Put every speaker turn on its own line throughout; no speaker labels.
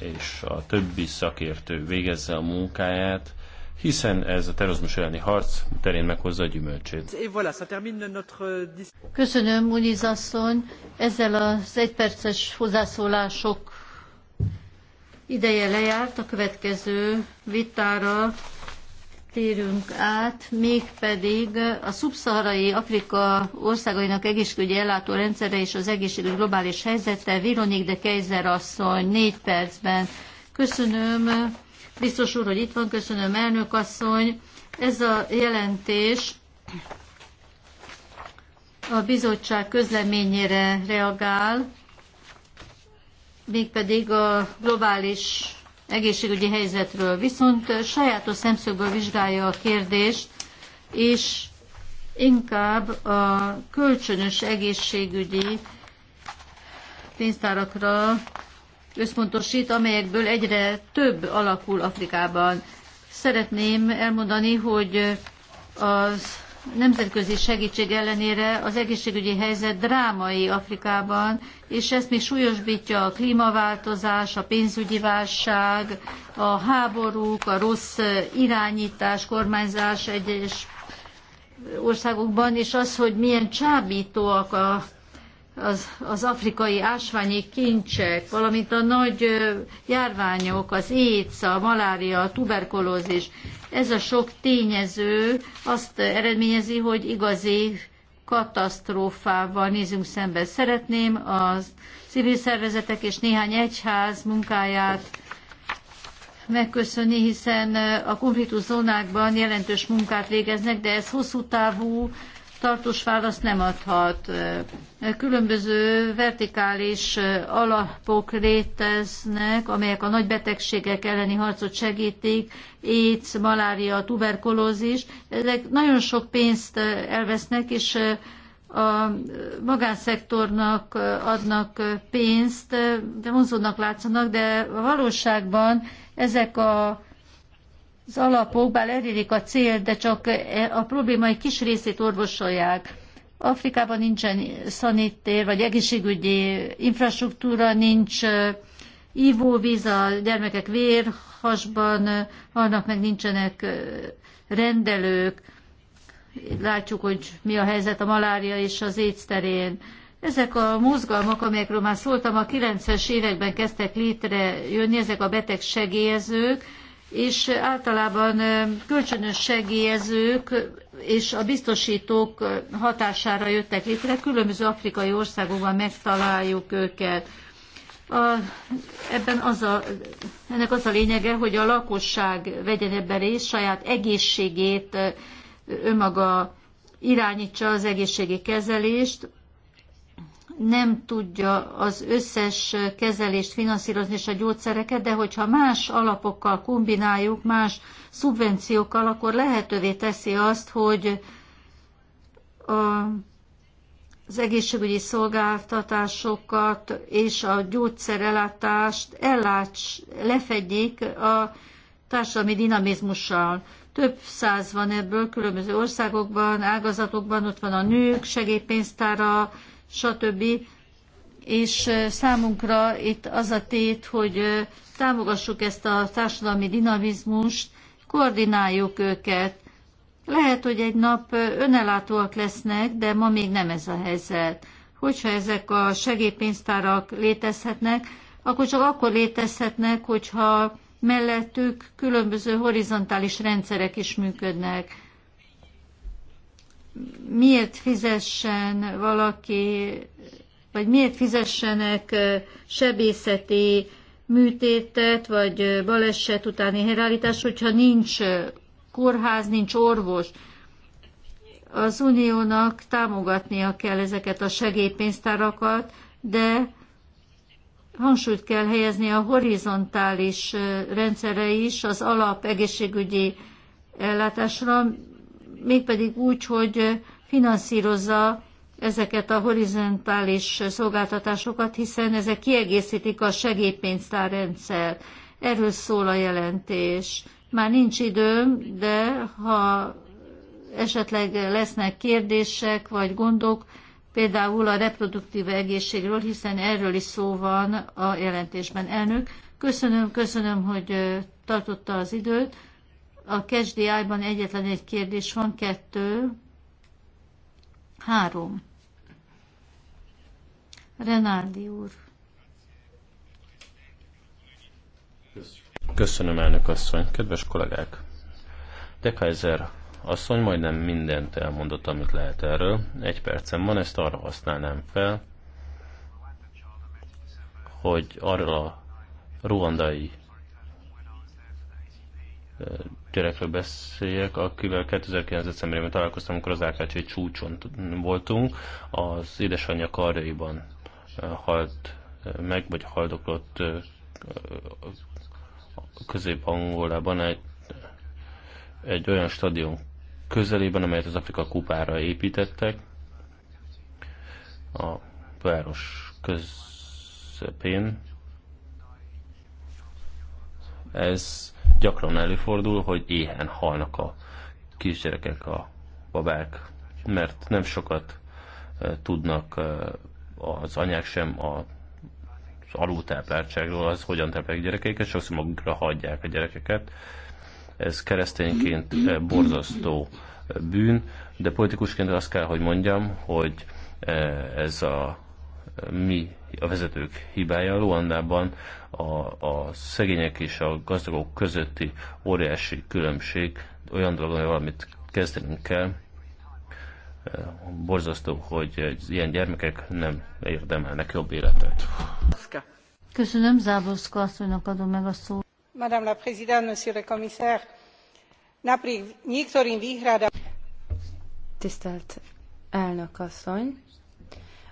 és a többi szakértő végezze a munkáját, hiszen ez a terrorizmus elleni harc terén meghozza a gyümölcsét.
Euh, Köszönöm, Muniz asszony. Ezzel az egyperces hozzászólások ideje lejárt. A következő vitára térünk át, mégpedig a szubszaharai Afrika országainak egészségügyi ellátó rendszere és az egészségügy globális helyzete. Vironik de Kejzer asszony, négy percben. Köszönöm, biztos úr, hogy itt van, köszönöm, elnök asszony. Ez a jelentés a bizottság közleményére reagál, mégpedig a globális egészségügyi helyzetről. Viszont sajátos szemszögből vizsgálja a kérdést, és inkább a kölcsönös egészségügyi pénztárakra összpontosít, amelyekből egyre több alakul Afrikában. Szeretném elmondani, hogy az nemzetközi segítség ellenére az egészségügyi helyzet drámai Afrikában, és ezt még súlyosbítja a klímaváltozás, a pénzügyi válság, a háborúk, a rossz irányítás, kormányzás egyes országokban, és az, hogy milyen csábítóak a az, az afrikai ásványi kincsek, valamint a nagy járványok, az éjsz, a malária, a tuberkulózis. Ez a sok tényező azt eredményezi, hogy igazi katasztrófával nézünk szembe. Szeretném a civil szervezetek és néhány egyház munkáját megköszönni, hiszen a konfliktus zónákban jelentős munkát végeznek, de ez hosszú távú tartós választ nem adhat. Különböző vertikális alapok léteznek, amelyek a nagy betegségek elleni harcot segítik, AIDS, malária, tuberkulózis. Ezek nagyon sok pénzt elvesznek, és a magánszektornak adnak pénzt, de vonzónak látszanak, de a valóságban ezek a az alapok, bár elérik a cél, de csak e, a probléma egy kis részét orvosolják. Afrikában nincsen szanitér, vagy egészségügyi infrastruktúra, nincs e, ivóvíz, a gyermekek vérhasban e, halnak, meg nincsenek rendelők. Látjuk, hogy mi a helyzet a malária és az AIDS terén. Ezek a mozgalmak, amelyekről már szóltam, a 90-es években kezdtek létrejönni, ezek a betegsegélyezők, segélyezők, és általában kölcsönös segélyezők és a biztosítók hatására jöttek létre, különböző afrikai országokban megtaláljuk őket. A, ebben az a, ennek az a lényege, hogy a lakosság vegyen ebben részt, saját egészségét önmaga irányítsa az egészségi kezelést, nem tudja az összes kezelést finanszírozni és a gyógyszereket, de hogyha más alapokkal kombináljuk, más szubvenciókkal, akkor lehetővé teszi azt, hogy a, az egészségügyi szolgáltatásokat és a gyógyszerellátást elláts, lefedjék a társadalmi dinamizmussal. Több száz van ebből különböző országokban, ágazatokban, ott van a nők segélypénztára, stb. És számunkra itt az a tét, hogy támogassuk ezt a társadalmi dinamizmust, koordináljuk őket. Lehet, hogy egy nap önellátóak lesznek, de ma még nem ez a helyzet. Hogyha ezek a segélypénztárak létezhetnek, akkor csak akkor létezhetnek, hogyha mellettük különböző horizontális rendszerek is működnek miért fizessen valaki, vagy miért fizessenek sebészeti műtétet, vagy baleset utáni helyreállítás, hogyha nincs kórház, nincs orvos. Az uniónak támogatnia kell ezeket a segélypénztárakat, de hangsúlyt kell helyezni a horizontális rendszere is az alap egészségügyi ellátásra, mégpedig úgy, hogy finanszírozza ezeket a horizontális szolgáltatásokat, hiszen ezek kiegészítik a segélypénztárrendszer. Erről szól a jelentés. Már nincs időm, de ha esetleg lesznek kérdések vagy gondok, például a reproduktív egészségről, hiszen erről is szó van a jelentésben. Elnök, köszönöm, köszönöm, hogy tartotta az időt. A KSDI-ban egyetlen egy kérdés van, kettő, három. Renádi úr.
Köszönöm, elnök asszony. Kedves kollégák! De Kaiser asszony majdnem mindent elmondott, amit lehet erről. Egy percem van, ezt arra használnám fel, hogy arra a ruandai gyerekről beszéljek, akivel 2009. decemberében találkoztam, amikor az Árkácsi csúcson voltunk, az édesanyja karjaiban halt meg, vagy haldoklott közép-angolában egy, egy olyan stadion közelében, amelyet az Afrika kupára építettek. A város közepén. Ez gyakran előfordul, hogy éhen halnak a kisgyerekek, a babák, mert nem sokat tudnak az anyák sem a az alultápláltságról, az hogyan táplálják gyerekeiket, sokszor magukra hagyják a gyerekeket. Ez keresztényként borzasztó bűn, de politikusként azt kell, hogy mondjam, hogy ez a mi a vezetők hibája. Luandában a, a szegények és a gazdagok közötti óriási különbség olyan dolog, hogy valamit kezdenünk kell. Borzasztó, hogy ilyen gyermekek nem érdemelnek jobb életet.
Köszönöm, Záborszka asszonynak adom meg a szót. Madame la Présidente, Monsieur le Commissaire, napri, niektorým Vihrada.
Tisztelt elnök asszony,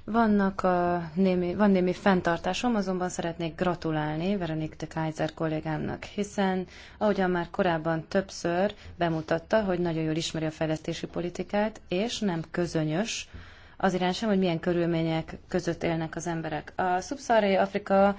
vannak a némi, van némi fenntartásom, azonban szeretnék gratulálni Veronik de Kaiser kollégámnak, hiszen ahogyan már korábban többször bemutatta, hogy nagyon jól ismeri a fejlesztési politikát, és nem közönyös az irány sem, hogy milyen körülmények között élnek az emberek. A szubszárai Afrika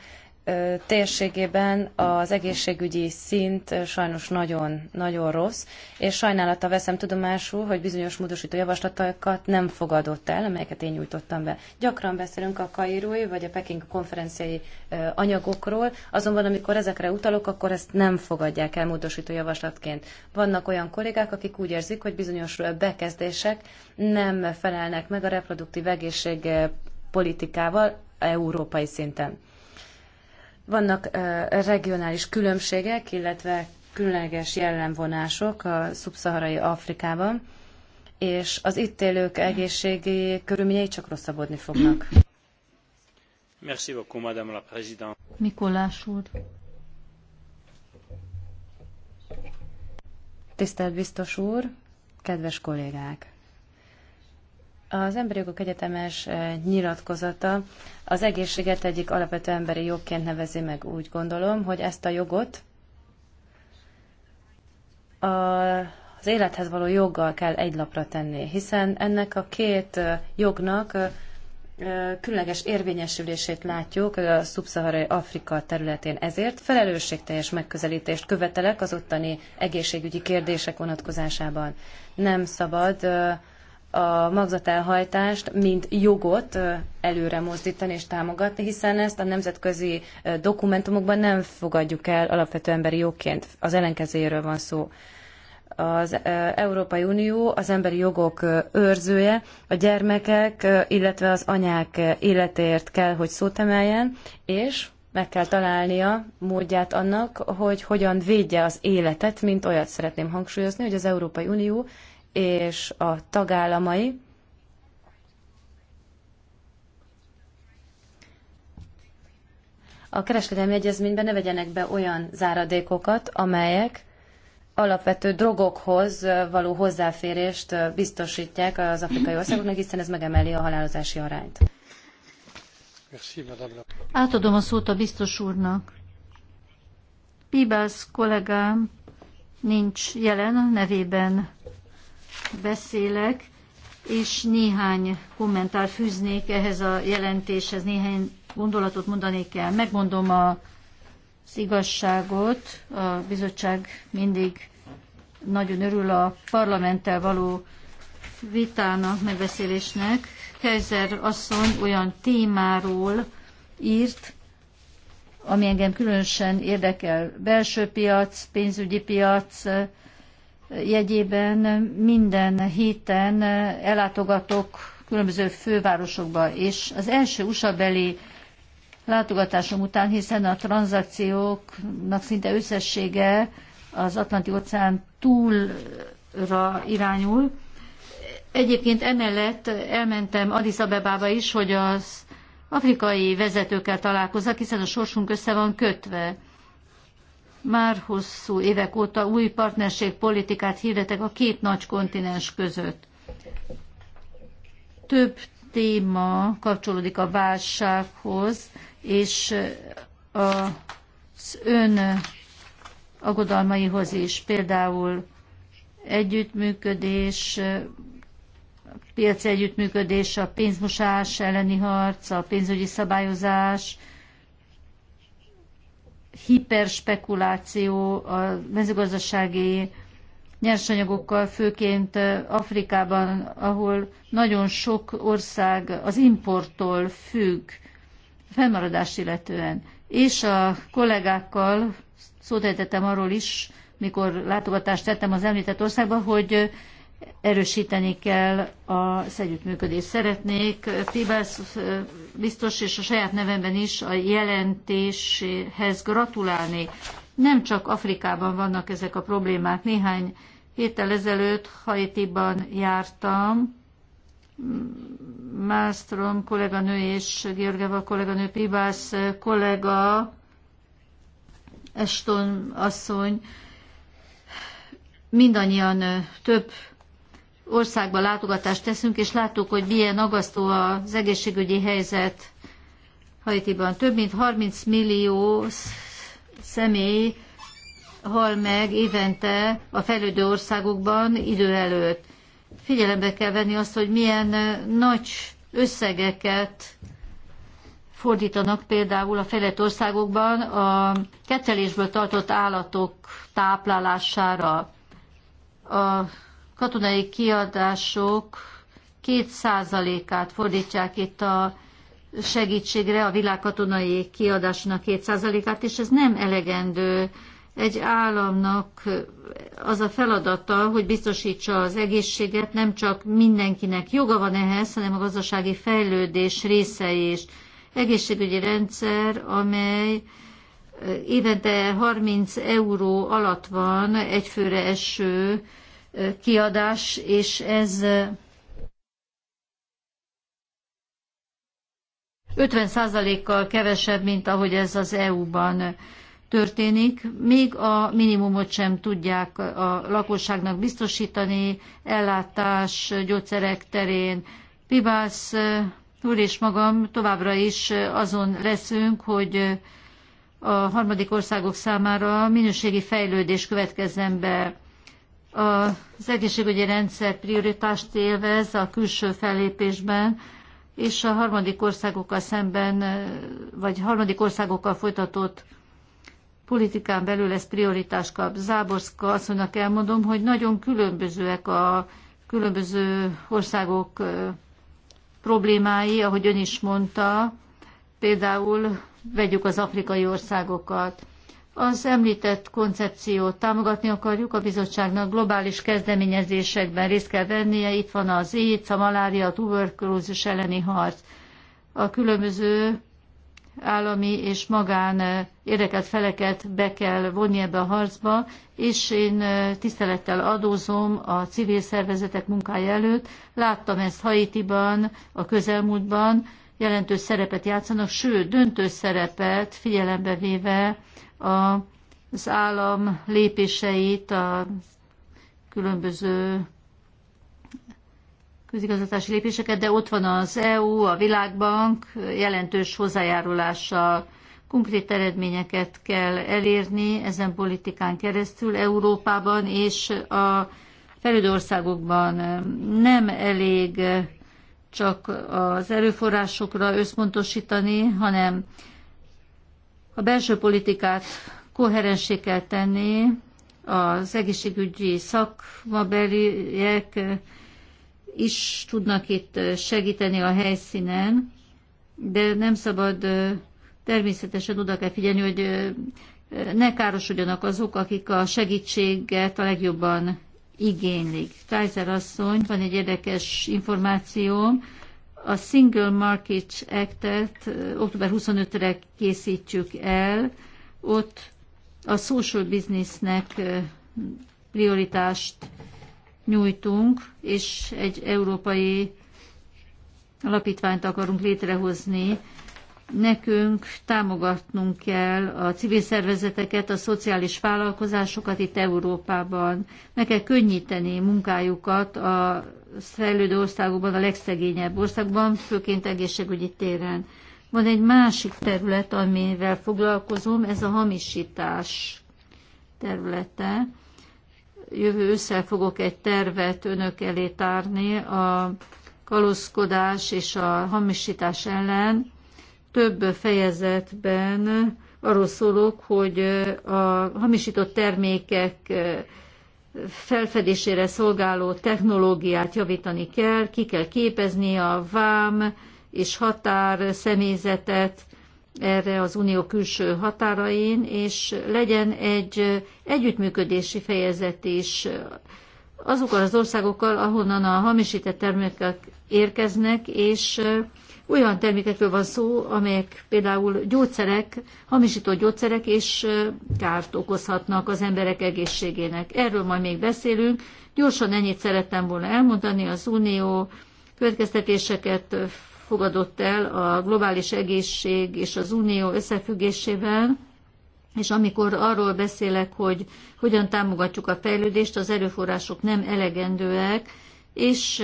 térségében az egészségügyi szint sajnos nagyon, nagyon rossz, és sajnálattal veszem tudomásul, hogy bizonyos módosító javaslatokat nem fogadott el, amelyeket én nyújtottam be. Gyakran beszélünk a kairói vagy a Peking konferenciai anyagokról, azonban amikor ezekre utalok, akkor ezt nem fogadják el módosító javaslatként. Vannak olyan kollégák, akik úgy érzik, hogy bizonyos bekezdések nem felelnek meg a reproduktív egészség politikával európai szinten. Vannak regionális különbségek, illetve különleges jellemvonások a szubszaharai Afrikában, és az itt élők egészségi körülményei csak rosszabbodni fognak.
Merci beaucoup, Madame la Présidente.
Mikolás úr. Tisztelt biztos úr, kedves kollégák! Az Emberi Jogok Egyetemes eh, nyilatkozata az egészséget egyik alapvető emberi jogként nevezi meg. Úgy gondolom, hogy ezt a jogot a, az élethez való joggal kell egy lapra tenni, hiszen ennek a két eh, jognak eh, különleges érvényesülését látjuk a szubszaharai Afrika területén. Ezért felelősségteljes megközelítést követelek az ottani egészségügyi kérdések vonatkozásában. Nem szabad a magzatelhajtást, mint jogot előre mozdítani és támogatni, hiszen ezt a nemzetközi dokumentumokban nem fogadjuk el alapvető emberi jogként. Az ellenkezőjéről van szó. Az Európai Unió az emberi jogok őrzője, a gyermekek, illetve az anyák életért kell, hogy szót emeljen, és meg kell találnia módját annak, hogy hogyan védje az életet, mint olyat szeretném hangsúlyozni, hogy az Európai Unió és a tagállamai a kereskedelmi egyezményben ne vegyenek be olyan záradékokat, amelyek alapvető drogokhoz való hozzáférést biztosítják az afrikai országoknak, hiszen ez megemeli a halálozási arányt.
Átadom a szót a biztos úrnak. Pibász kollégám nincs jelen, nevében beszélek, és néhány kommentár fűznék ehhez a jelentéshez, néhány gondolatot mondanék el. Megmondom a, az igazságot, a bizottság mindig nagyon örül a parlamenttel való vitának, megbeszélésnek. Kejzer asszony olyan témáról írt, ami engem különösen érdekel. Belső piac, pénzügyi piac, jegyében minden héten ellátogatok különböző fővárosokba, és az első USA beli látogatásom után, hiszen a tranzakcióknak szinte összessége az Atlanti óceán túlra irányul. Egyébként emellett elmentem Addis Abebába is, hogy az afrikai vezetőkkel találkozzak, hiszen a sorsunk össze van kötve már hosszú évek óta új partnerségpolitikát hirdetek a két nagy kontinens között. Több téma kapcsolódik a válsághoz, és az ön aggodalmaihoz is, például együttműködés, piaci együttműködés, a pénzmosás elleni harc, a pénzügyi szabályozás, hiperspekuláció a mezőgazdasági nyersanyagokkal, főként Afrikában, ahol nagyon sok ország az importtól függ, felmaradás illetően. És a kollégákkal szót arról is, mikor látogatást tettem az említett országba, hogy erősíteni kell az együttműködést. Szeretnék eh, Pibász eh, biztos és a saját nevemben is a jelentéshez gratulálni. Nem csak Afrikában vannak ezek a problémák. Néhány héttel ezelőtt Haitiban jártam, Malmström kolléganő és Georgeva kolléganő, Pibász kollega, Eston asszony, mindannyian eh, több országba látogatást teszünk, és láttuk, hogy milyen agasztó az egészségügyi helyzet Haitiban. Több mint 30 millió személy hal meg évente a fejlődő országokban idő előtt. Figyelembe kell venni azt, hogy milyen nagy összegeket fordítanak például a fejlett országokban a kettelésből tartott állatok táplálására. A katonai kiadások két át fordítják itt a segítségre, a világ katonai kiadásnak két át és ez nem elegendő. Egy államnak az a feladata, hogy biztosítsa az egészséget, nem csak mindenkinek joga van ehhez, hanem a gazdasági fejlődés része is. Egészségügyi rendszer, amely eh, évente 30 euró alatt van egyfőre eső kiadás, és ez 50%-kal kevesebb, mint ahogy ez az EU-ban történik. Még a minimumot sem tudják a lakosságnak biztosítani, ellátás, gyógyszerek terén. Pibász úr és magam továbbra is azon leszünk, hogy a harmadik országok számára minőségi fejlődés következzen be az egészségügyi rendszer prioritást élvez a külső fellépésben, és a harmadik országokkal szemben, vagy harmadik országokkal folytatott politikán belül ez prioritás kap. Záborszka asszonynak elmondom, hogy nagyon különbözőek a különböző országok problémái, ahogy ön is mondta, például vegyük az afrikai országokat. Az említett koncepciót támogatni akarjuk, a bizottságnak globális kezdeményezésekben részt kell vennie, itt van az AIDS, a malária, a tuberkulózis elleni harc. A különböző állami és magán eh, érdekelt feleket be kell vonni ebbe a harcba, és én eh, tisztelettel adózom a civil szervezetek munkája előtt. Láttam ezt Haitiban, a közelmúltban, jelentős szerepet játszanak, sőt, döntő szerepet figyelembe véve az állam lépéseit a különböző közigazgatási lépéseket, de ott van az EU, a Világbank jelentős hozzájárulással konkrét eredményeket kell elérni ezen politikán keresztül Európában és a fejlődő országokban nem elég csak az erőforrásokra összpontosítani, hanem a belső politikát koherensé kell tenni, az egészségügyi szakmabeliek is tudnak itt segíteni a helyszínen, de nem szabad természetesen oda kell figyelni, hogy ne károsodjanak azok, akik a segítséget a legjobban igénylik. Kaiser asszony, van egy érdekes információm, a Single Market Act-et október 25-re készítjük el, ott a social businessnek prioritást nyújtunk, és egy európai alapítványt akarunk létrehozni. Nekünk támogatnunk kell a civil szervezeteket, a szociális vállalkozásokat itt Európában. Meg kell könnyíteni munkájukat a fejlődő országokban, a legszegényebb országban, főként egészségügyi téren. Van egy másik terület, amivel foglalkozom, ez a hamisítás területe. Jövő össze fogok egy tervet önök elé tárni a kaloszkodás és a hamisítás ellen. Több fejezetben arról szólok, hogy a hamisított termékek felfedésére szolgáló technológiát javítani kell, ki kell képezni a vám és határ személyzetet erre az unió külső határain, és legyen egy együttműködési fejezet is azokkal az országokkal, ahonnan a hamisített termékek érkeznek, és olyan termékekről van szó, amelyek például gyógyszerek, hamisított gyógyszerek és kárt okozhatnak az emberek egészségének. Erről majd még beszélünk. Gyorsan ennyit szerettem volna elmondani. Az Unió következtetéseket fogadott el a globális egészség és az Unió összefüggésében. És amikor arról beszélek, hogy hogyan támogatjuk a fejlődést, az erőforrások nem elegendőek, és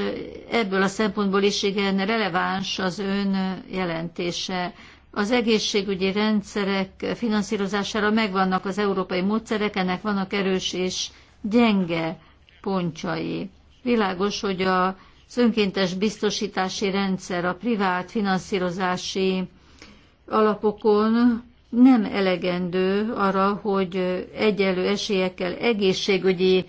ebből a szempontból is igen releváns az ön jelentése. Az egészségügyi rendszerek finanszírozására megvannak az európai módszerek, ennek vannak erős és gyenge pontjai. Világos, hogy a az önkéntes biztosítási rendszer a privát finanszírozási alapokon nem elegendő arra, hogy egyenlő esélyekkel egészségügyi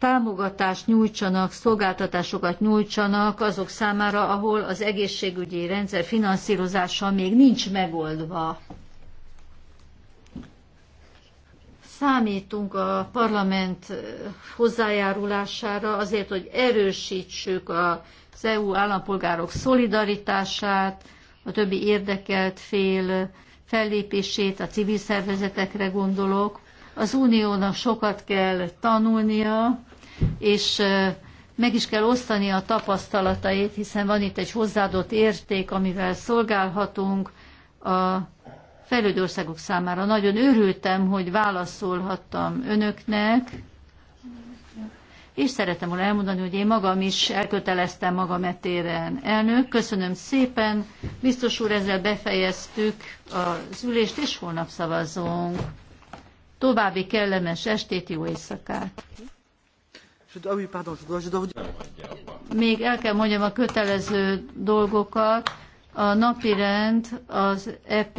támogatást nyújtsanak, szolgáltatásokat nyújtsanak azok számára, ahol az egészségügyi rendszer finanszírozása még nincs megoldva. Számítunk a parlament eh, hozzájárulására azért, hogy erősítsük az EU állampolgárok szolidaritását, a többi érdekelt fél fellépését, a civil szervezetekre gondolok. Az uniónak sokat kell tanulnia, és meg is kell osztani a tapasztalatait, hiszen van itt egy hozzáadott érték, amivel szolgálhatunk a fejlődő országok számára. Nagyon örültem, hogy válaszolhattam önöknek, és szeretem volna elmondani, hogy én magam is elköteleztem magam etéren. Elnök, köszönöm szépen. Biztos úr, ezzel befejeztük az ülést, és holnap szavazunk. További kellemes estét, jó éjszakát! Még el kell mondjam a kötelező dolgokat. A rend az EP